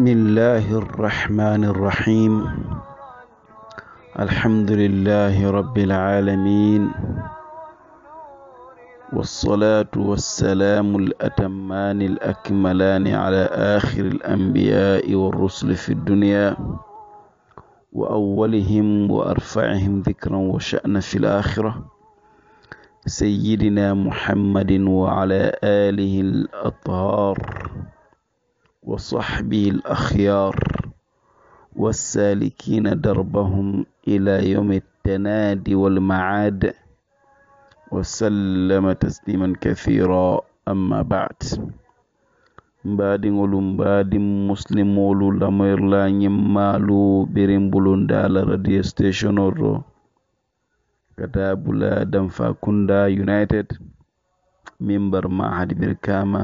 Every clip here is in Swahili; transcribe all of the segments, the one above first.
بسم الله الرحمن الرحيم الحمد لله رب العالمين والصلاة والسلام الأتمان الأكملان على آخر الأنبياء والرسل في الدنيا وأولهم وأرفعهم ذكرا وشأنا في الآخرة سيدنا محمد وعلى آله الأطهار وصحبه الأخيار والسالكين دربهم إلى يوم التناد والمعاد وسلم تسليما كثيرا أما بعد mbaadiŋolu mbaadiŋ musilimolu lamoyirla ñimmaalu biriŋ bulunda la radio stationo to ka taa bula danfa kunda united miŋ barima hadibiri kaama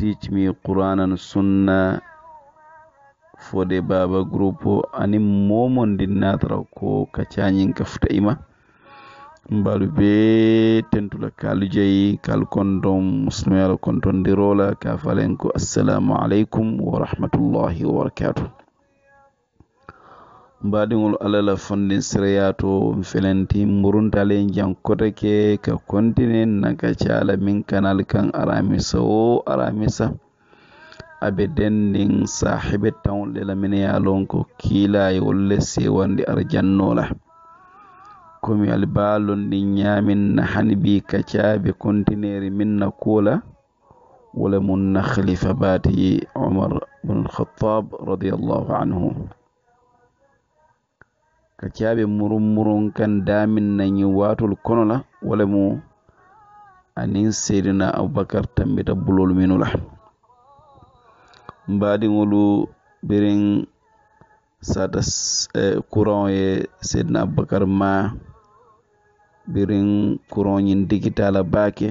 teach me quran and sunna for the baba group ani momon din natara ko ka ka futa ima mbalu be tentula kalu kal kalu kondon muslimayala kondon dirola ka falen ko assalamu alaikum wa rahmatullahi wa barakatuh mbaɗigol alala fonde sereya to felenti muruntale jankota ke ka kontine naga cala min kanal kan aramisa o aramisa aɓe dendin sahibe tawɗe lamine yalon ko kiilaye wolle sewande arjannola komi albalon ɗin yamin na hanbi kacaɓe kontineri min na kuola wala mun na khalifa bati umar bnulkhatab radiallahu anhu ka caaɓe murum murum kan damin nayi watol kono la wala mo anin seydina aboubacar tambita bulol minula mbadiŋolu birin sata courant e, ye seydina aboubacar ma birin courant ñin digitala baake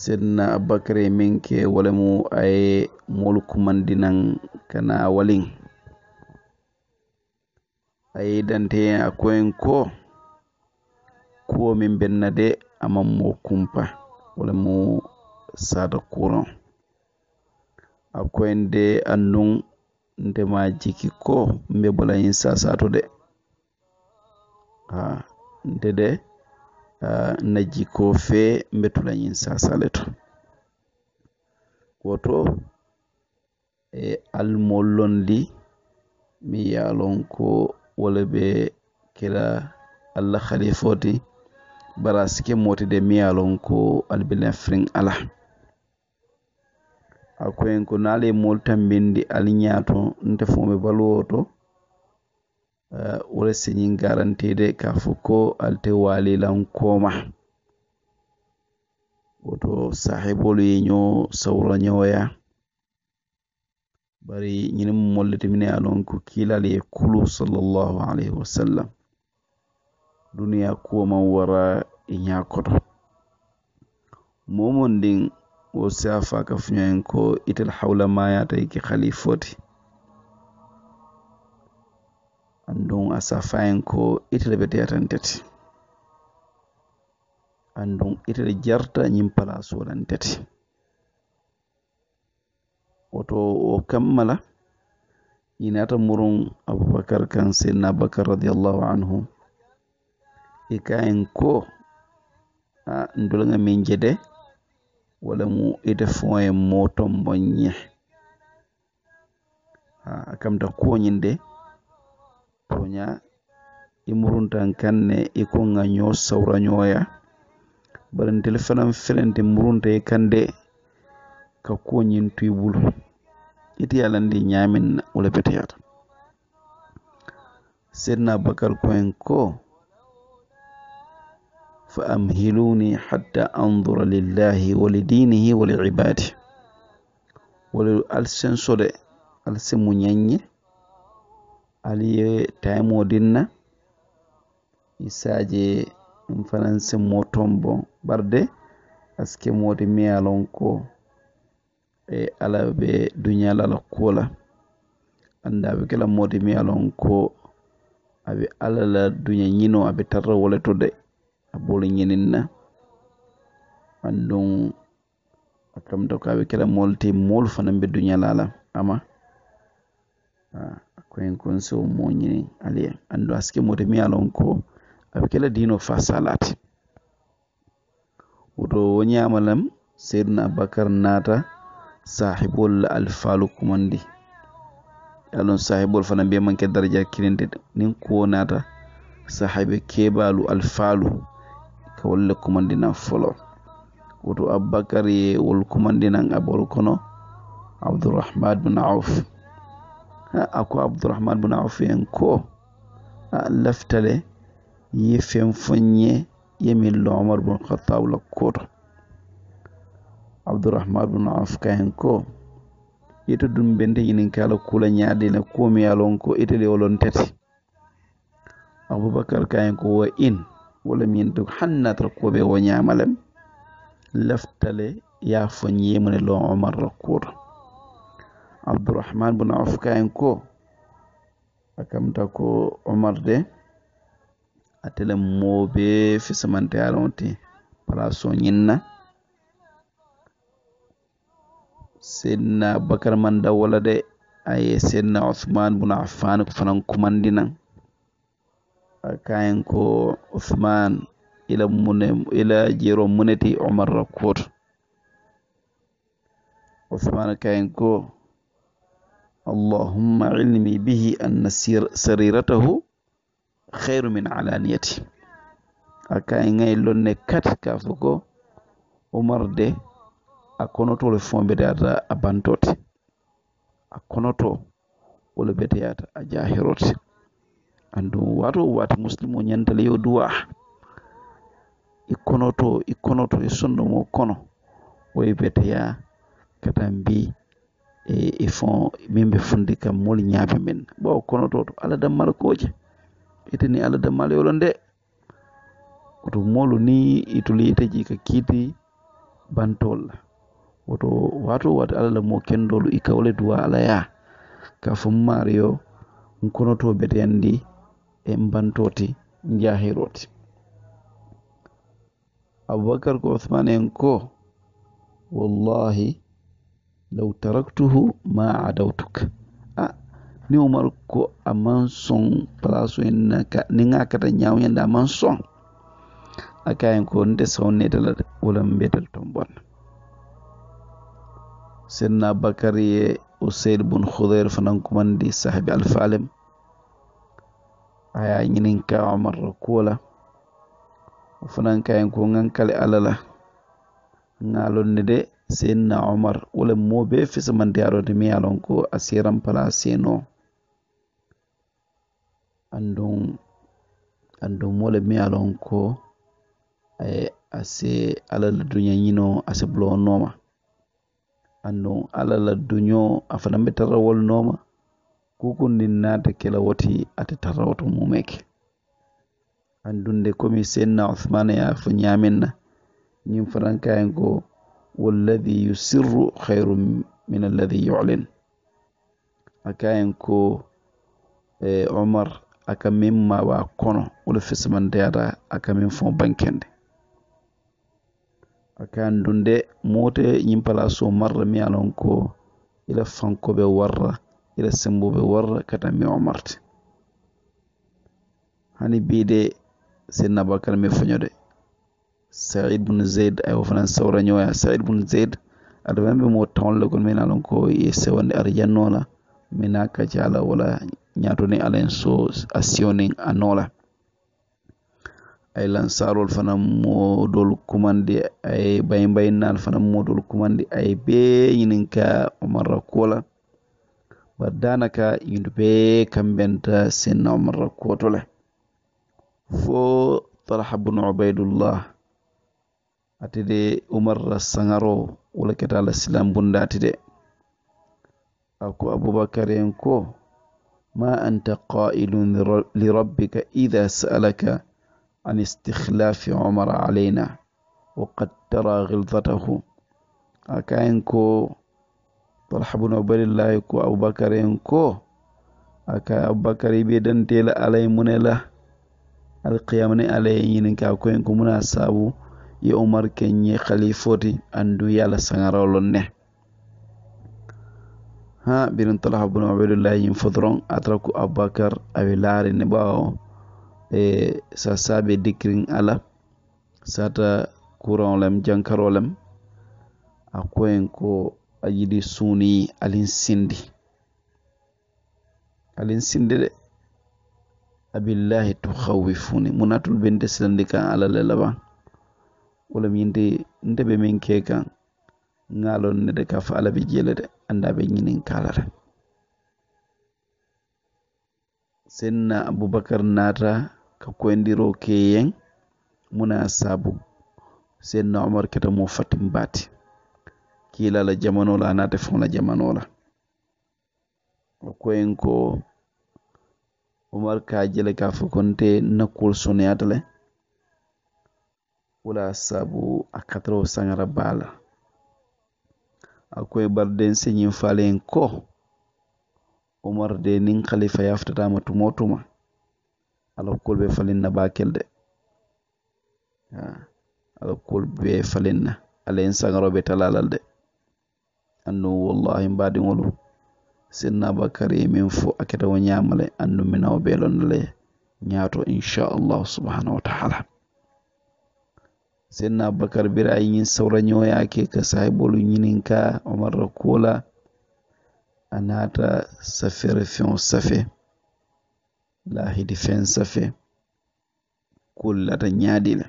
seydina aboubacar ye min ke wala mo aye molu kumandinan kana waliŋ a yidanteen a koyen ko kuwo min benna de aman mo kumpa wala mo sada courant a koyen de annun ndema jiki ko mbe bala yin sasato de nde de uh, naji ko fe mbe tula yin sasale to woto e almollon li mi yalon ko wala ɓe kela allah halifoti bara sike motide miyalon ko albilan firin ala akoyen ko naale mol tambindi aliñato nte fome baluwo uh, eh, wala siñin garantide ka fo ko alte walilan koma woto sahibolu ye sawra ñoya bari ñinin mollitimine ye lon ko kiilal ye kulu sallallahu alayhi wasallam duniya kuwo man wara i ña koto momon din wo siya fa ka fuñoyen ko itel hawla mayata ki halifoti andun a safayen ko itel beteyatanteti andun itel jarta ñin palasolanteti woto o kammala inata muron aboubacar kan senna abacar radiallahu anhu e kayen ko a dolga min jede wala mu ite foye moton bonye a kamta koñinde toña i e muruntan kanne i e konga ño sawrañoya bara ntelefanan felente murunta e kande ka kuoñin tuybulu iti yalandi ñamin na wala beteyata seydna bakar koen ko fa amhiluni hatta andura lillahi wa li dinihi wa li ibadi wala alsen sode alsen mu ñañe aliye taymo dinna isaje fanan sen mo tombo barde aske modi miyalon ko e ala ɓe duñal ala kuola andaɓe kala modi mi alon ko aɓe alala duña ñino aɓe tarra woletode a bolo ñininna andun akamta ko aɓe kala molte molu fana be duñal ala ama koyen kon sewo moñini aliya andu aske modi mi alon ko aɓe kala dino fa salate woto woñamalam seydna abacar naata sahibol alfalu kumandi alon sahibol fana be manke daraja kirinde nin ko nata sahibe kebalu alfalu ka wolle kumandina folo woto abbakar ye wol kumandinan abol kono abdourahman bin auf ako abdourahman bin auf en ko laftale ye fen fonye yemin lo omar bin khatab la koto abdurahman bnu auf kahen ko ita dum bende inin kala kula ñaade ne komi alon ko itali olon tati abubakar kahen ko wa in wala min to ko be wo laftale leftale fo ñemune lo omar rakur abdourahmane bnu auf kahen ko akamta ko omar de atele mobe fisamante alonte pala so nyinna seydina bakar man daw wala de aye seydina uthman bun affan fanan kumandinan kayen ko uthman ila mune ila jero muneti umar rakkoto uthman kayen ko allahumma ilmi bihi anna sariratahu khairu min alaniyati akaye ngay lonne kat ka umar de a olufumbirata akonoto oti bete yata a jahirot andu wato wati owati ikonoto onyantele yoduwa mo kono isundu e bete ya katambi ifon e, e mimbe fundika mol nyaabe men bo konoto to ala dammal koje itini ala mal yolo nde to molu ni itulite ji ka kiti bantol woto wato wata ala mo kendolu i kawle duwa alaya ka fo mario nkonoto beteyandi e mbantoti jahiroti aboubacar ko outhmane en ko wallahi law taraktuhu ma adawtuk a ah, ni umar ko aman son place en ni ga kata ñawñande aman son akayen ko nde sawnetal wala mbetal ton seydna bakar ye usaid bun khudair fanankumandi sahabi alfalem aya ñininka omar kuwola o fanankayen ko ŋankale alala ŋalonne de seydna omar wala moɓe fisamande aɗode mi yalon ko asiran pala seno andun andun mole mi yalon ko aye ase alala duña ñino ase bulowonnoma andon ala la duño a fana be tarawol nooma kukunnin naata kela woti ate tarawoto mumeke andunde komi senna uthmana ya fo ñamin na ñin farankayen ko walladi yusirru hayru min alladi yulin akayen ko e, aka min mawa kono wala fesimandeyata aka min fo bankende kandunde mote yimpala so marra mi anon ko ila fankoɓe warra ila sembuɓe warra kata mi omarte hani bide sedna bakar mi foñode saïd bun zeyd ay wofanan sawra ñoya saïd bun zeyd aɗa wemɓe mo tawnle gon min alon ko e sewande ar jannola mi naka diala wala ñatoni alen so asionin a nola ay lansarol fana modol kumandi ay bayimbayinnal fana modol kumandi ay bee ñininka omarra kuola danaka yindu bee kambenta senna omarra le fo talha bun ubaidullah atide umarra sangaro wala keta silam bunda atide ako abubakar ko ma anta qailun li idha sa'alaka عن استخلاف عمر علينا وقد ترى غلظته أكاينكو طلحة بن عبد الله كو أبو بكر ينكو أكا أبو بكر يبيدن تيلا علي من الله القيامة علي ينكا كوينكو مناسب ye umar kenye khalifoti andu yala sangarolon ها ha birin talha bin ubaidullah yin fodron atraku abubakar abe laari ne e sa saabe dikkiriŋ ala sata kuraŋo lem jankaro lem a koyen ko a yiɗi suuni alin sindi alin sindi de abillahi tuhawifuni munatul be nte silandi kan ala le laban wolem yinti nte be min ke kan ŋaalon ne de ka fa ala be jele de anda be ñinin kala re senna abubakar naata kanko en ndiro keyen muna sabu senno omar keta mo fatim baty kiilala jamanola anata fola jamanola okoyen ko omar kajele ka fo konte nakkuol soneyata le wala sabu a katra o sagara bala akoye barden señin falen ko omar de nin khalifa yaftatama tumo tuma আলোপ করবে ফালিন না বাকেল de aɗa ah. kolbe falenna ala en sangaroɓe talalal de andu wallahi bakari min fo aketa wo ñamale andu minawo be lonnale ñaato inchallahu subhanahu wa taala senna bakar bira ñin sawrañoyake ka sahibolu ñininka omarra kuola a naata safere feŋo safe la hedi fen safe kullata nyadina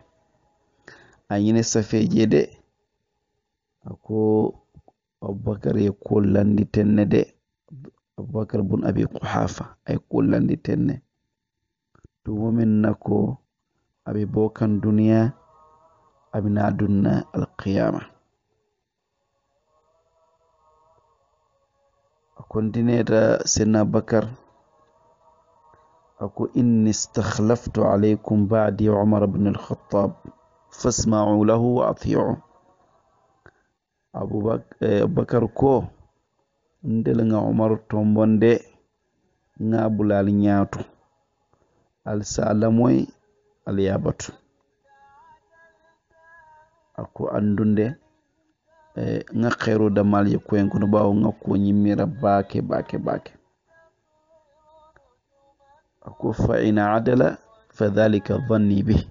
a yine safe jede ako abubakar ye kullandi tenne de abubakar bun abi kuhafa ay kullandi tenne tumomin nako abi bokan duniya abina dunna alqiyama akontineta senna abubakar aku inni istakhlaftu alaykum ba'di umar ibn al-khattab fasma'u lahu wa ati'u abubakar ko ndel nga umar tombonde nga bulal ñaatu al salamoy al yabatu ako andunde nga xeru damal ye koyen kono bawo nga ko ñimmira baake baake baake akuffa ina adala fa dhalika danni bih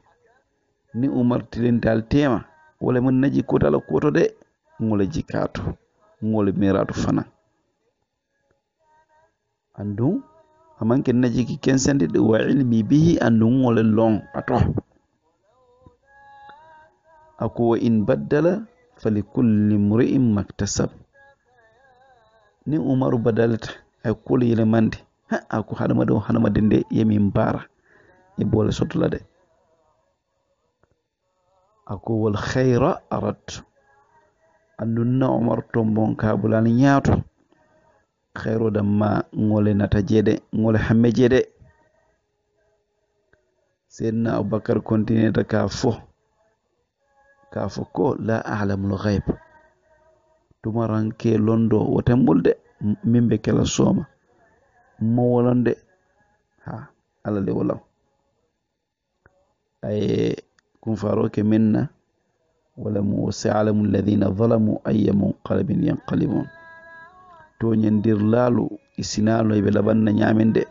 ni umartirintal tema wole mun naji kotala koto de ŋole jikatu ŋole miratu fana andun amanke najiki kensendi de wa ilmi bihi andun ŋole lon ato aku wa in baddala fa likulli muriin maktasab ni umaru badalita ay e kulu yilemandi a ko hanamade o hanamade nde yemin mbara e boole sottola de ako wol hayra arat annunna omar to bonka bulan ñaato hayro damma ngole nata jeede ngole hamme jeede seydna aboubacar continuéta ka fo ka fo ko la alamu l gaybe tumaranke londo wotembol de min be kela sooma Målen det. Ha, ala de walaw. Ay kun faro ke minna wala mu sa'alamu alladhina zalamu ayya munqalibin yanqalibun. To nyendir lalu isinalo ibe e labanna nyamende.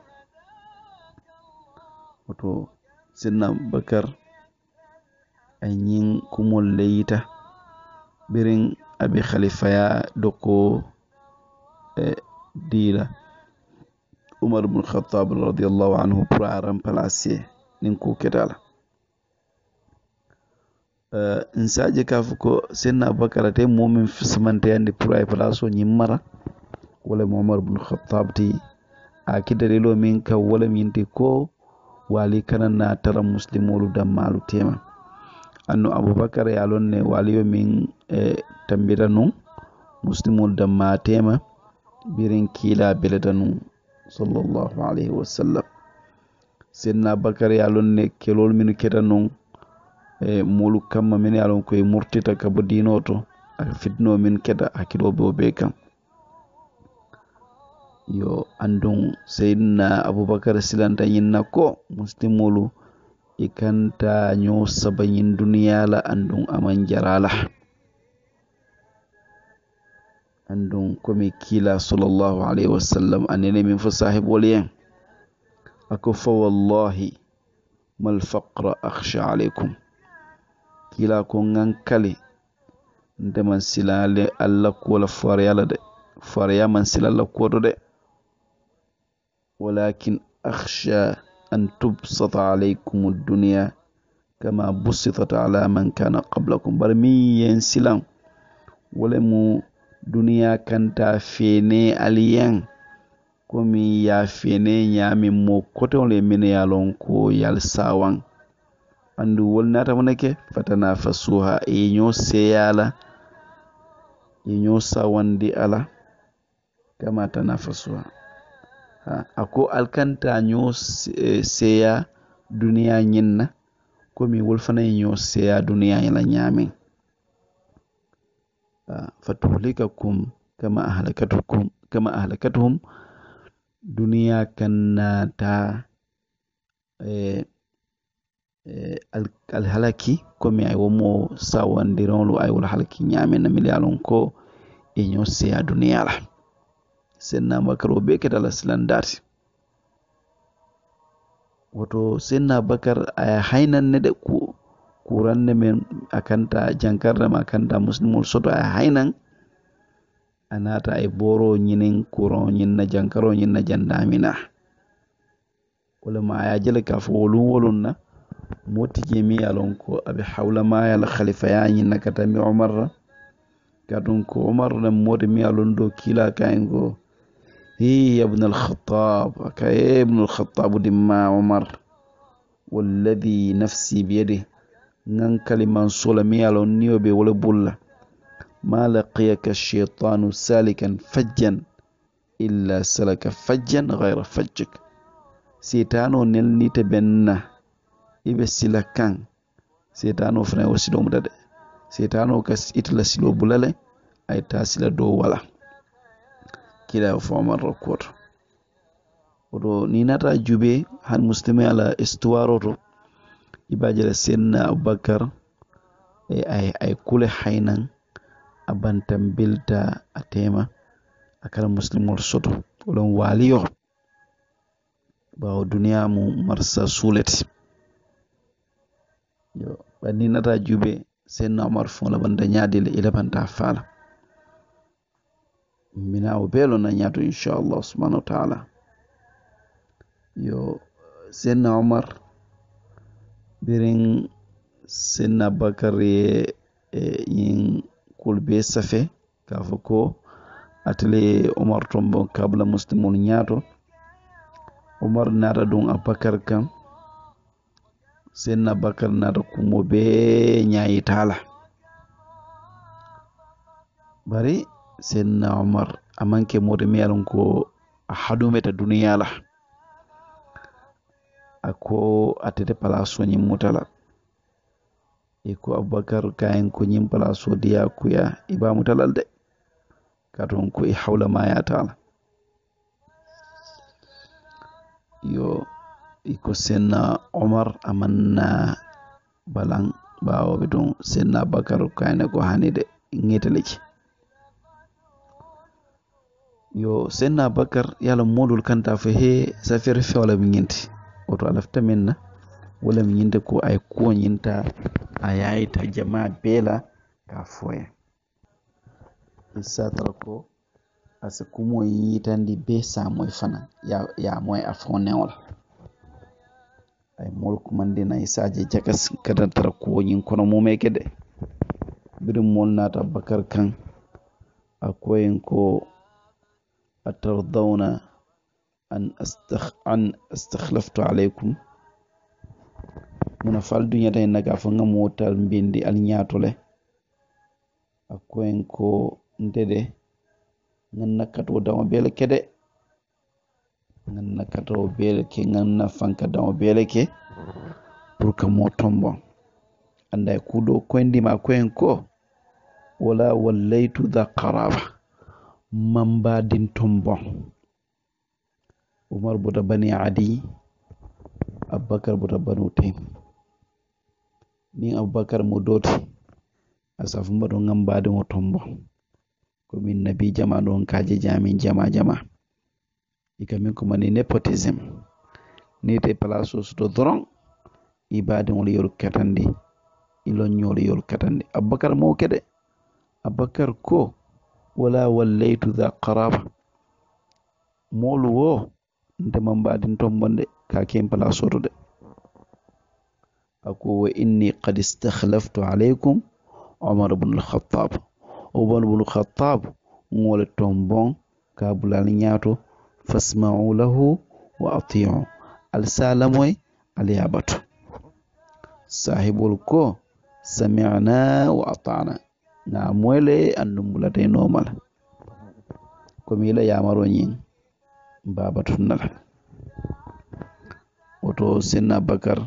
Wato sinna bakar anyin kumol leyita birin abi khalifaya doko eh, dila umar ibn khattab radiallahu anhu pour a remplacer nin ku ketala uh, nsaje kafu ko senna abubakar te momin simanteyandi pour ay place o ñimmara wala umar ibn khattab ti a kidalilo min ka wala yinti ko wali kanan tara muslimolu dammalu tema anno abubakar ya lon ne waliyo min e, tambira nun muslimolu damma tema birin kila beleda nun sallllahu alayhi wa sallam seydna bakary ye ne kelol minu keta non e molu kamma min ye lon koye murtita kabo dino to aka fitno min keta hakkilo be o be kam yo andun seydna aboubacar silanta ñinna ko muslimolu i kanta ñoo saba ñin duniyala andun aman jarala handum komi kila sallallahu alaihi wasallam anene min fa sahib yen ako fa wallahi mal faqra akhsha aleykum kila ko ngan kali ndeman silale allah kuwola fareyala de fareya man sila ko do de walakin akhsha an tubsata alaykum duniya kama busitat ala man kana qablakum bara min yen silan duniya kanta fene aliyen komi ya fene ñamin mo kotewo le mene ye lon ko yal sawan andu wol nata mona fatana fasuha ye ño seyala ye ño sawandi ala kama tana fasuha ha ako alkanta ño seya e, duniya ñinna komi wol fana e ye seya duniya ñila ñamin fatuhlikakum kama ahlakatukum kama ahlakatuhum duniya kanna ta eh, eh, alhalaki mi ay womo lu ay wala halaki na milyalon ko e ño a duniya la senna bakar o be ketala silandati woto senna bakar aya ne de ku kuranne men akanta jankarrama akanta muslimol soto a haynan a naata e boro ñinin kuran ñinna jankaro ñinna jandamina walama aya jele ka fo wolum wolum na motije mi alon ko aɓe hawlamayal halifaya ñinna katami omarra kadum ko omar na mode mi alon do kila kayen go hi yabna alkhatab aka e ibnu alkhatabu dimma omar walladi nafsi biyedih n ka n kalimanso la min be wolo bulu ma laqiyaka shaitanu salikan fajjan illa salaka fajjan ghayra fajjik seetano nelnite ben na i be sila kaŋ seetano fana wo silo muta de silo bula le a sila do wala kila ye fomarro kuwoto woto jube han musilima la istuwaro i b'a jira seydina abubakar e, ay kule haynan a bantan belta a tema a kala muslimol soto wolon waaliyo ɓawo duniya mu marsa suulete yo ɓanni nata juuɓe seydina omar fon labanta ñaadile i labanta faala mina o na ñaato inchallah subhanahu wa taala yo seydina omar birin sinna bakarye e yin kulbe safe kafa ko atelie umar tombo kabla muslimun ñato umar nata dun abakar kan sinna bakar nata kumo be ñayi tala bari sinna umar amanke mode meyalon ko a hadumeta duniyala ako atete palaso ñimmutala e ko aboubacar kayen ko ñim palaso diyakuya ibamutalal de katon ko e hawla mayatala yo iko senna omar amanna balan bawoɓe ton senna aboubacar kayne ko hani de ngeteleki yo senna aboubacar yala modol kanta fo he safere fewla ɓe ñinti wato alafta minna wala nyinta ko ay ko nyinta ayai ta jamaa bela kafoya isatra ko asa kumo yitandi be samoy fana ya ya moy afone wala ay mol kumande na isaje jakas kada tara ko kono mu de birin mol nata bakar kan akoyin ko atardawna an astakh an astakhlaftu alaykum muna fal duñata hen naga fo ngam wotal mbendi al ñatole akkoen ko ndede ngan nakkato dama bele kede ngan nakkato bele ke ngan nafanka dama bele ke pour que mo tombo anda e kuuɗo koyndima ko wala wallaytu dha qaraba mambadin tombon Umar buta Bani Adi Abubakar buta Banu Taym nin Abubakar mo doti asafuma ɗon gambade mo nabi jama ɗon kaje jama jama i kamin komani nepotism ni te place osuto doron ibadegol yol katande ilonñol yol katande aboubacar mawke de aboubacar ko wala wallaytu ha qaraba molu wo ndemam mbaadin tombonde ka ken place sotude ako wa inni qad istakhlaftu alaykum omar bnulkhatab omar bnulkhatab ŋole tombon ka bulal ñaato fasma'u lahu wa atiu al salamoy al yabato sahibol ko sami'na wa ata'na na moyle andum bulate normal komi la yamaro ñing بابات فنال وتو سنة بكر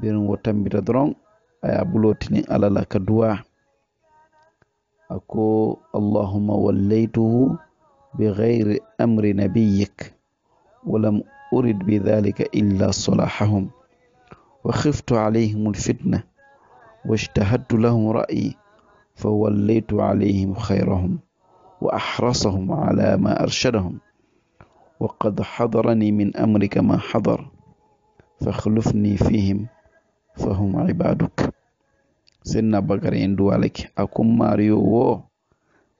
بين وطن بيتدرون ايا بلوتني على لك دوا اكو اللهم وليته بغير امر نبيك ولم ارد بذلك الا صلاحهم وخفت عليهم الفتنه واجتهدت لهم رايي فوليت عليهم خيرهم واحرصهم على ما ارشدهم وقد حضرني من أمرك ما حضر فاخلفني فيهم فهم عبادك سنة بقر يندو عليك أكم ماريو وو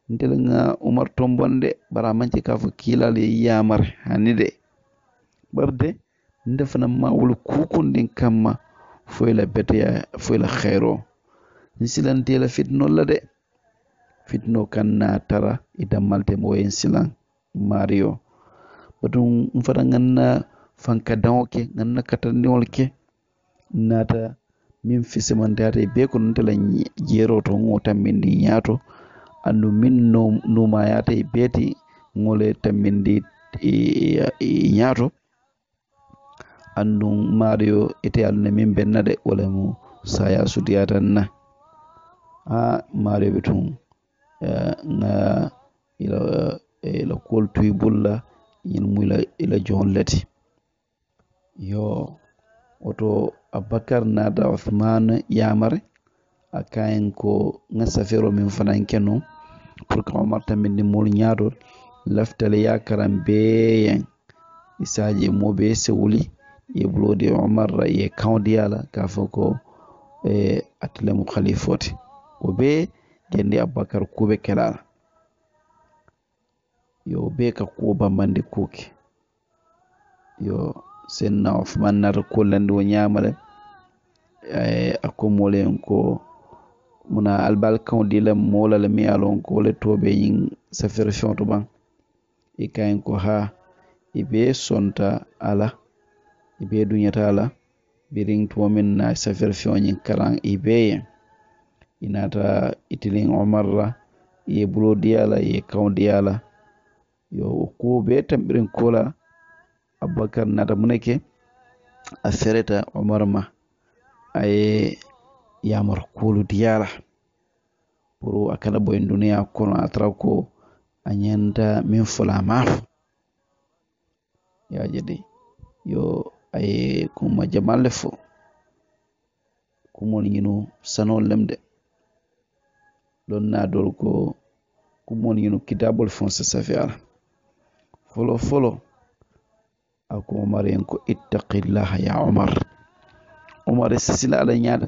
ntelanga umar tombon de bara manci ka fo kilale yamar hani de barde nde fana ma wol kukundin kamma foyla beteya foyla khayro nsilantela fitno la de fitno kan na tara ida malte mo en silan watum in fata ganna fankadanwoke ganna katandiwolke nata min fisiman data be ko nun tala jero to ngo tammindi yato andu min numa yata beti ngole tammindi e, e, e yato andu mario ite alne min bennade wala mu saya sudiyatan na ha mario betun eh, nga ila eh, ila kol tuibulla bulla ñin muyla ila johon leti yo woto abubakar nada uthman yamare a kayen ko nga safero min fanaŋ ke no pour que omar tambindi molu ñaadol laftale yakaran beyen isaje mo be sewuli ye bulode omar ye kawdiyala ka fo ko eh, atilemu khalifote o be jandi abubakar kube kelala yo beka ko bambande kuuki yo senna of mannata kollandi o ñamare e eh, akkomole en ko muna albalkan o dila molala miyalo on ko wole toɓe yin safirfion to ɓan e kayen ko ha eɓe sonta ala eɓe duñata ala birintomin na safirfion yin karan eɓeyen inata e itilin omarra ye bulodiyala ye kawdiyala yo ko be tambirin kola abubakar nata muneke a sereta umar ma a ye yamar kolu diyala pour a kana duniya kono a trako ko a min fula maafo yajede yo aye kuma jamalle fo kumol ñino sanol lemde na dol ko kumol ñino kitabol fon safi fɔlɔ fɔlɔ a ko umar yen ko ittaqillaha ya umar umar sisila ala ɲaada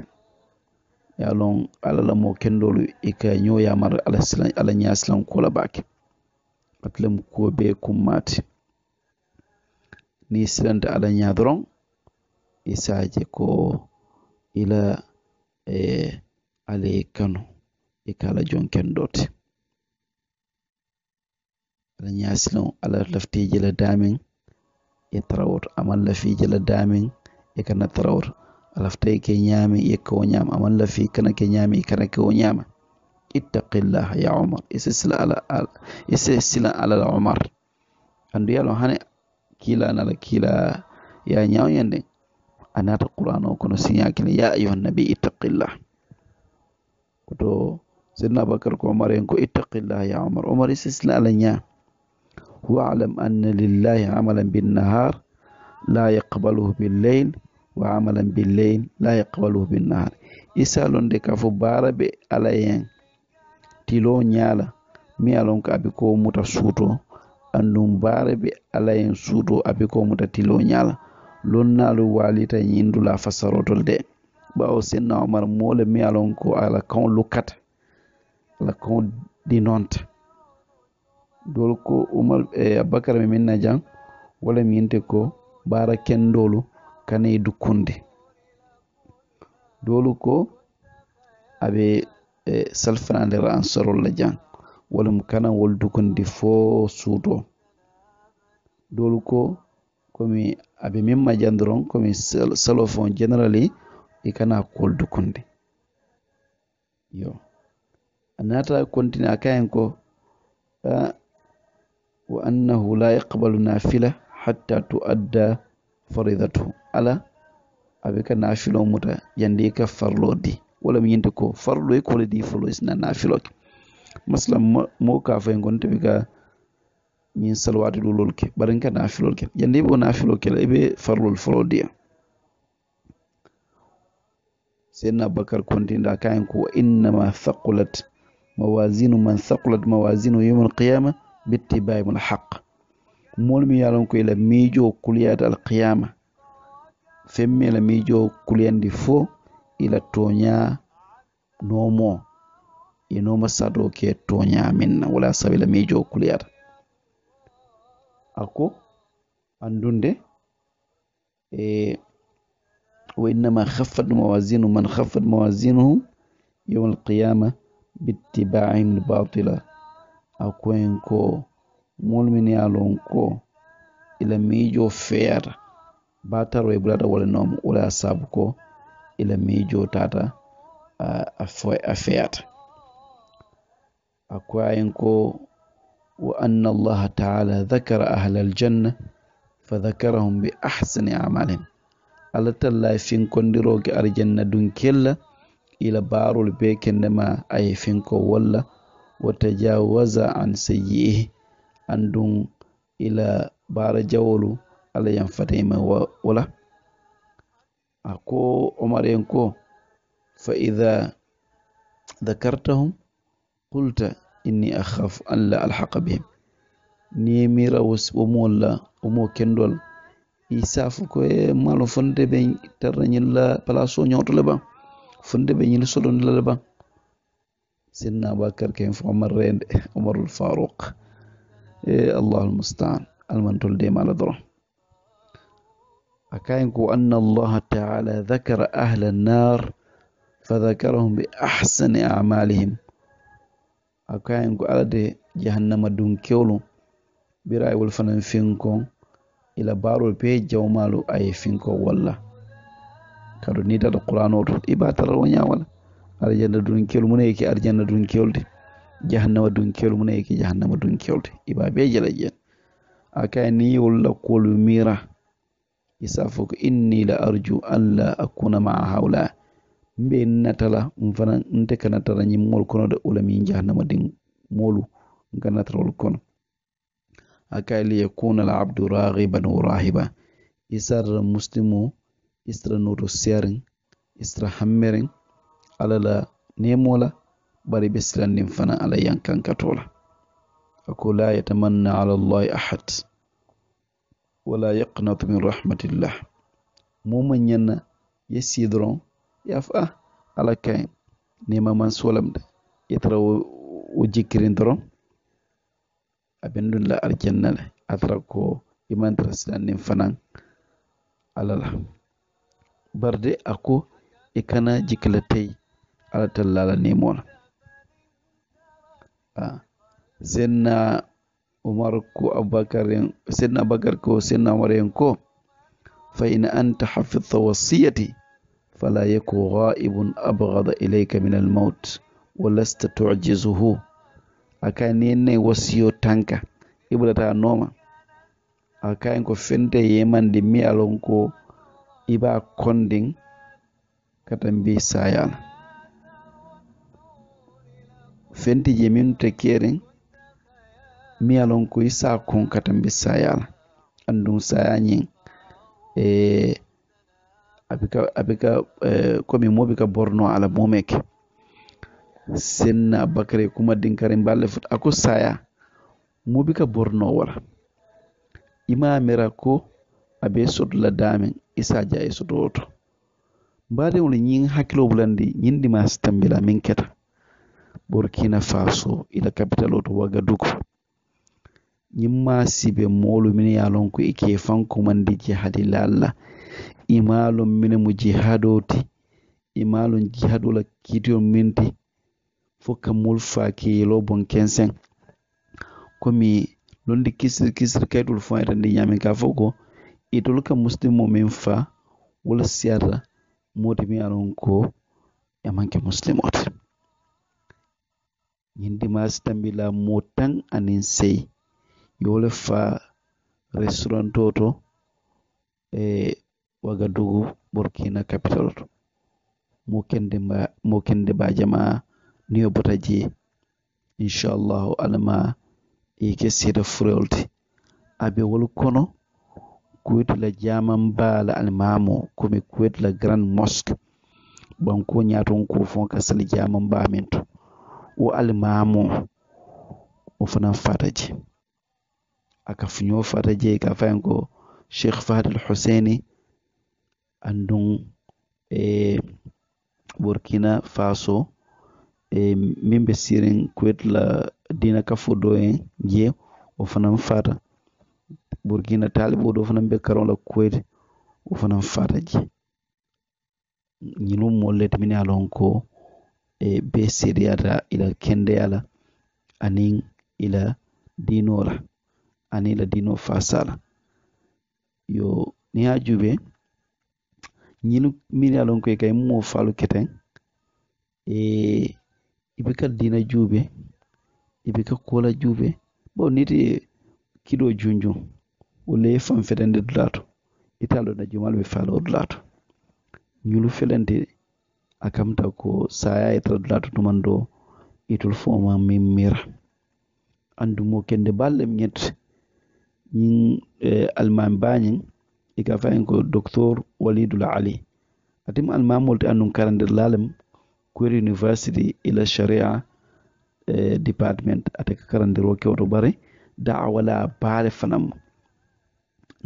ya lon ala la mo kendolu i ka ɲo yamar ala ɲa silan kola baake atilem ko bee kummaati ni silanta ala ɲa dɔrɔn i ko ila eh, ale kanu i ka ala jon kendoti ala ñasilon ala laftiji la damin e tarawot amal lafiji la damin e kana tarawot alaftay ke ñaami e ko ñaam amal lafi kana ke ñaami kana ke o ñaama ittaqillaha ya umar ise sila ala ise sila ala umar andu yalo hane kila nala kila ya ñaaw yende anata qur'an o kono siña kila ya ayuha nabi ittaqillah koto sidna abakar ko umar en ko ittaqillah ya umar umar ise sila ala ñaam واعلم أن لله عملا بالنهار لا يقبله بالليل وعملا بالليل لا يقبله بالنهار isalon de ka fo baara be ala yen tilo ñaala mi alon ko abi ko muta suuto andum baara be ala yen suuto abi ko muta tilo ñaala lonnaalu waalita ñindula fasarotol de ɓawo senna omar moole mi alon ko ala kan lukkata ala kan dinonta dol ko umar e abbakar mi minna jan wala mi yinte ko bara kendolu kanayi e dukkunde dolu ko aɓe e salfina nder an sorolla jan wala mo kana wol dukkunde fo suuto dolu ko komi aɓe mimma jandoron komi salophon generally e kana kol dukkunde yo anata continue a kayen ko uh, wa annahu la yaqbalu nafila hatta tuadda faridatuhu ala abe ka nafilo muta yande ka farlo di wala mi yinte ko farlo e kole di folo isna nafilo ke mo ka fa en gonta ka min salwati lulol ke barin ka nafilo ke yande be nafilo ke la be farlo folo di sayyidina bakar kontinda kayan ko innama thaqulat mawazinu man thaqulat mawazinu yawm al-qiyamah bittibai mun haq mol mi yalon ko ila mijo kuliyat al qiyama femme la mijo kuliyandi fo ila tonya nomo inoma sado ke tonya minna wala sabila mijo kuliyata ako andunde e wa innama khaffat mawazinu man khaffat mawazinuhu yawm al qiyamah bittiba'ihim batila akwenko moolu minnu ye a loŋ ko i la bulata wo le nooma wo le ye a a feeyata a wa anna allaha taala dhakara ahla aljanna fadhakarahum bi ahsani amalihim alla talla ye finkondiroo ke aljanna dunkella ila baarol bee kendema a finko walla watajawaza an sayyi'ih andun ila baara jawolu alla yanfatayima wala a ko omaren fa idha dhakartahum qulta inni akhaf an la alhaqa bihim ni mira wo mool la wo kendol i saafu ko e maalo fonde ɓe tarra ñilla place o ñawto fonde ɓe ñil sodonde la le سيدنا أبو بكر كان في عمر الفاروق إيه الله المستعان المنتول ديما على درهم أكاينكو أن الله تعالى ذكر أهل النار فذكرهم بأحسن أعمالهم أكاينكو دي جهنم دون كيولو براي والفنان فينكو إلى بارو بي جومالو أي فينكو والله كارو نيدا القرآن إباتر ونيا والله aljanna dunkewol mum e ki aljanna dunkewolde jahannama dunkewol mum e ki jahannama dunkewolde ibabeji e ala jeen akani wolla kuwol mira isafo inni la arju alla akuna maa hawla mbe natala mfana nte ka natala ñimmol kono de wala min jahannama din molu nka natalol kono akay li yakuna al abdu raghiban wa rahiba isar muslimu isra nuru serin isra hammerin ala la nemo la bari be silannin fana ala yankankato la ako la yatamanna ala allahi ahad wala yaqnatu min rahmatillah moma nyanna ye si ah ala kayen nema man solam de ye tara wo jikkirin doron la aljanna la atrako iman tara silannin fanan ala la barde ako ikana kana ala talla la nemo la senna umar ko abubakar senna abubakar ko senna umar en ko fa in anta hafidta wasiyati fala yaku ghaibun abghada ilayka min almaut walasta tujizuhu aka nenne wasiyo tanka iɓurata nooma akayen ko fente yemande miyalon ko iba kondin kata sayala fenti je min tekerin miyalon ko yisa kon katambe sayala andum sayanyin e abika abika e, komi mobi ka borno ala momeke senna bakare kuma dinkare mballe fut ako saya mobi ka borno wala imamira ko abe sodula damin isaja e sodoto mbaɗe wol ñin hakkilo bulandi ñinɗima so tambila min keta burkina faso ila capital oto wagadugu yimma sibe moolu mine ye lon ko ike fanko mandi jihadila allah imalon mine mo jihadoti la jihadola kitiyon minti fo kammol faake yelo bon kensen komi londi kisir kisir kaytol fo etande ñamin ka fo ko itol ka muslimo min fa wala siyata moti mi alon ko emanke muslimoti ñiŋ dimansi tambila moo taŋ aniŋ sei ye wo le fa resitorantoo to wagadugu eh, burkina kapitol to moo kende baa jamaa niŋ yo bota jee inchallahu alla ma i ke seeda furewol ti a be kono kuweti la jaman baa la alimaamo komi la grand mosque banko ñaaton ko fon ka sali jaman wo alimamu o fana fata je a ka ko sheikh fahad al husseini andun eh, burkina faso e, min bɛ sirin kuwait la dina kafo doyen ye je o fana fata burkina talibo do fana bɛ karon la kuwait o fana fata je ɲinu mɔlɛtimini a ko e be siriyata ila kende ala anin ila dinola ani ila dino fasala yo ni ha juɓe ñinu mini alon koye kay mumo falu keten e ibe ka dina juɓe ibe ka kola juɓe bo niti kido junjun wolle fanfetende dulato italo na jumal be falo dulato ñulu felente akamta ko saya e tardata tuman ɗo itul foma mimmira andumo kende balɗe mi ñette ñin eh, almami bañin ika fayin ko docteur walidul ali atim almamol te andum karandir lalem kuwer university ila sharia eh, department ateka karandiro kewto bare da'a wala baale fanam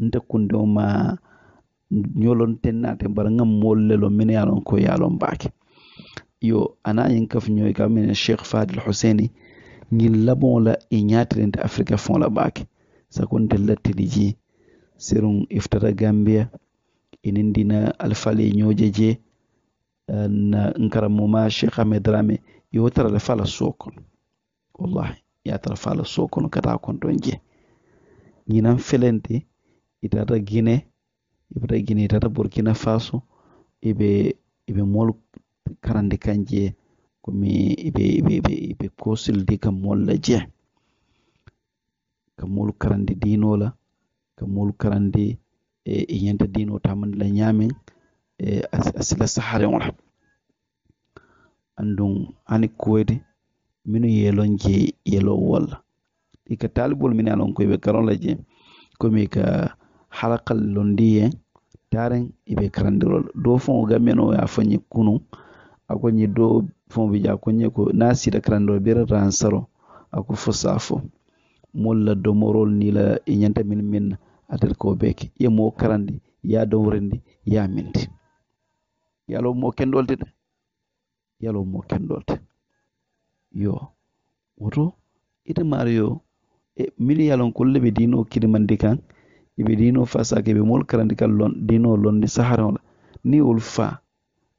ntakkunde ma ñolon tennate bara ngam mollelo mine yalon ko yalon baake yo ana yin kaf ñoy ka mine cheikh fadil husaini ñin labon la e ñatirente africa fon la baake sakonte lattidi ji serum iftata gambia inin alfale ñoje je eh, na nkaramo ma cheikh ahmed rame yo tara la fala sokon wallahi ya tara fala sokon kata kon don je ñinan felente itata guinée i bota tata burkina faso i be i be moolu karandi komi ibe ibe ibe ibe kosildi e, e, ka moolu la jee ka moolu karandi diinoo la ka moolu karandi i ñanta diinoo taamandi la ñaameŋ a sila sahariŋo la anduŋ hani kuwedi minu ye loŋ jee ye loŋ wol i ka taalibolu ko be karaŋo la jee komi ka halakal londiye taren ibe karandirol do fon gameno ya fanyi kunu akonyi do fon bija konyi ko nasira karandol bere ransaro ako fosafo molla domorol nila inyanta min minna atel ko beke ye mo karandi ya domrendi ya minti yalo mo kendolte yalo mo kendolte yo woto ite mario e mili yalon kolle be dino kidimandi kan i be diino fa be moolu karandi ka lon diinoo londi saharaŋo la niŋ wolu faa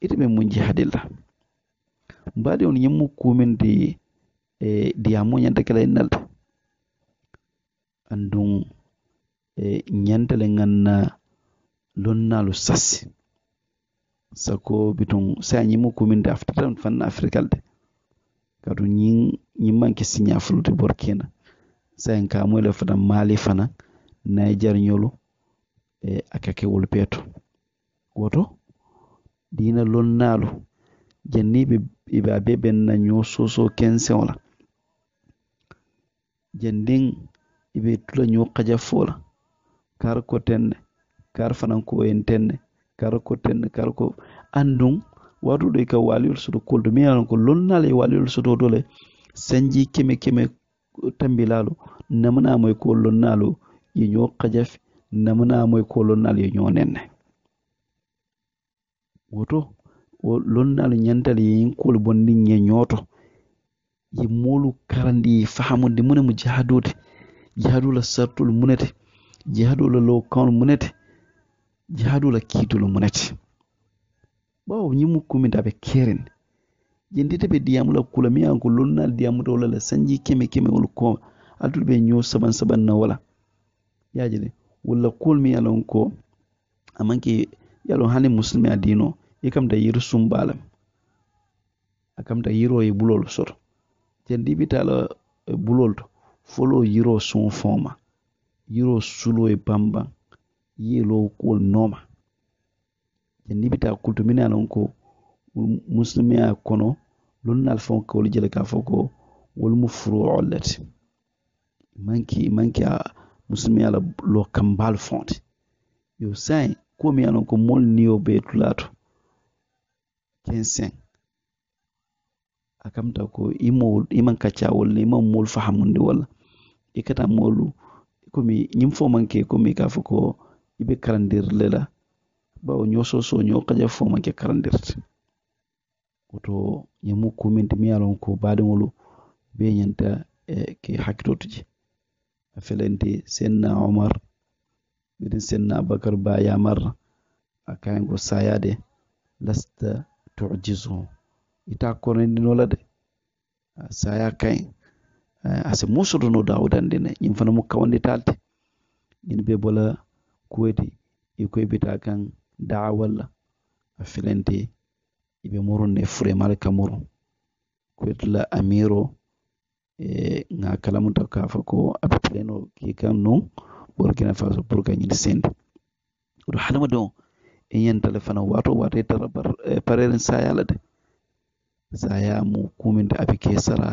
ite be muŋ jihadi la mbaadiŋolu ñiŋ mu kuumiŋ ti eh, diyaamoo ñanta ke innal ta anduŋ eh, le ŋaŋ na lonnaalu sasi sako bituŋ saa ñiŋ mu kuumiŋ ti a futata faŋ na afirikal te ke siñaa fulu ti bori keena saa ka moyi le fanaŋ naijar nyolu e akakewol peto woto dina lonnalu janni ibabe ɓen na nyo soso kensewola jandin ibe tula nyo kaja fola kar ko tenne kar fananko en tenne kar ko tenne kar ko andun waduɗo e ka waliyol soto koldo minan ko lonnal e waliyol soto dole sanji keme keme tambilalu namanamo e ko lonnalu ye ñoo xajaf namana moy ko lonnal ye ñoo nenne woto o lonnal ñantal yeyin kuol bondi ye ñooto ye moolu karandi ye faamundi mune mu jahaduude jahadula sartul munete jahadula low kawol munete jahadula kiidulu munete bawo ñimu kumidaɓe keren jendita ɓe diyamula kula miyan ko lonnal diyamutawolala sanji keme keme wol ko adduɗo ɓe ñoo saban saban na wala yajele wala kol mi yalon ko amanke yalon hani muslimi adino ikamta yiri sumbalam akamta yiro ye bulol soto ten dibitala e, bulol to folo yiro sun foma yiro sulo e bamban yelo kol noma ten dibita kultu mina lon ko muslimiya kono lon nal fon ko jele ka foko wol mu furu'u lati manki manki a musidɓe ala lo kambal fonte yo sayi komi anon ko mol niyo be tulato kensen akamta ko imo iman kacca walla iman mol fahamunde walla ikata molu komi ñim fo manke komi ka ko ibe karandirle la bawo ño soso ño kaja fo manke karandirte woto ñamu kuminti mi yalon ko baadiŋolu be ñanta e, eh, ke hakkitotu felente senna omar ɓeɗen senna abakar ba yamar akayango sayade lasta tojisu ita koreni nolade saya kay ase musudono dawudandene in fana mo kawande talte in be bola kuwedi e koybita kan dawal a felente iɓe murunne fure malka muru kuwetla amiro Eh, nka kalamu ta k'a fɔ ko a bɛ pɛrɛn nɔ k'i ka nɔ burkina faso pour ka ɲini sen o don e hadamadenw i ɲɛ tale fana waato waato i e taara parɛri eh, saya la dɛ saya mu ko min a bɛ kɛ sara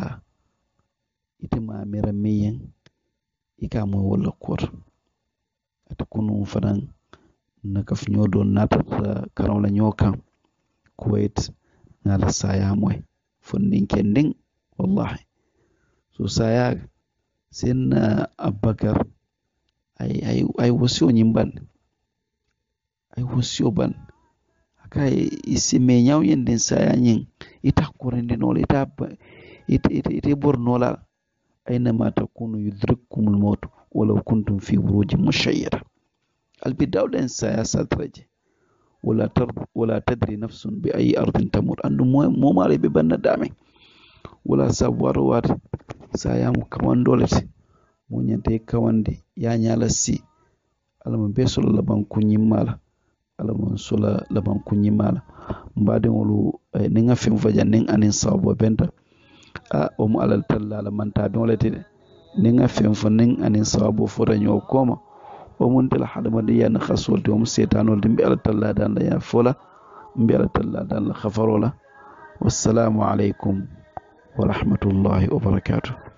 i tɛ maa mɛra min ye i k'a mɔ wala kɔrɔ a tɛ kunu fana na ka fiɲɛ don n'a taara karanw la ɲɔgɔn kan kuwait n'a la saya mɔ fo nin kɛ nin wallahi Susayag Sayyidina uh, Abubakar ay ay wasio nyimban ay wasio ban akai isime nyaw yenden saya nyin ita korende no ita ita ita, ita bor nola aina ma takunu yudrikumul maut walau kuntum fi burujin mushayyada albidaw den saya satraje wala tar wala tadri nafsun bi ayi ardin tamut andu mo mare be banna dame walasa warowaade saayaamu kawandoli ti ŋun yɛn ti yi kawandi yaa nyaala si alimi bee sola la ban ku nyim maa la alimi n sola la ban ku nyim maa la n baa din wulu ni ŋa fin a ninsaabɔ bɛnta a o mu alal talla alaman taa bɛŋɔ la ti de ni ŋa fin fo niŋ a hadama din yaa ni ka soli ti o mu seetaanoli din be ala talla dan la yaa fo la n be ala wassalamu alaikum ورحمة الله وبركاته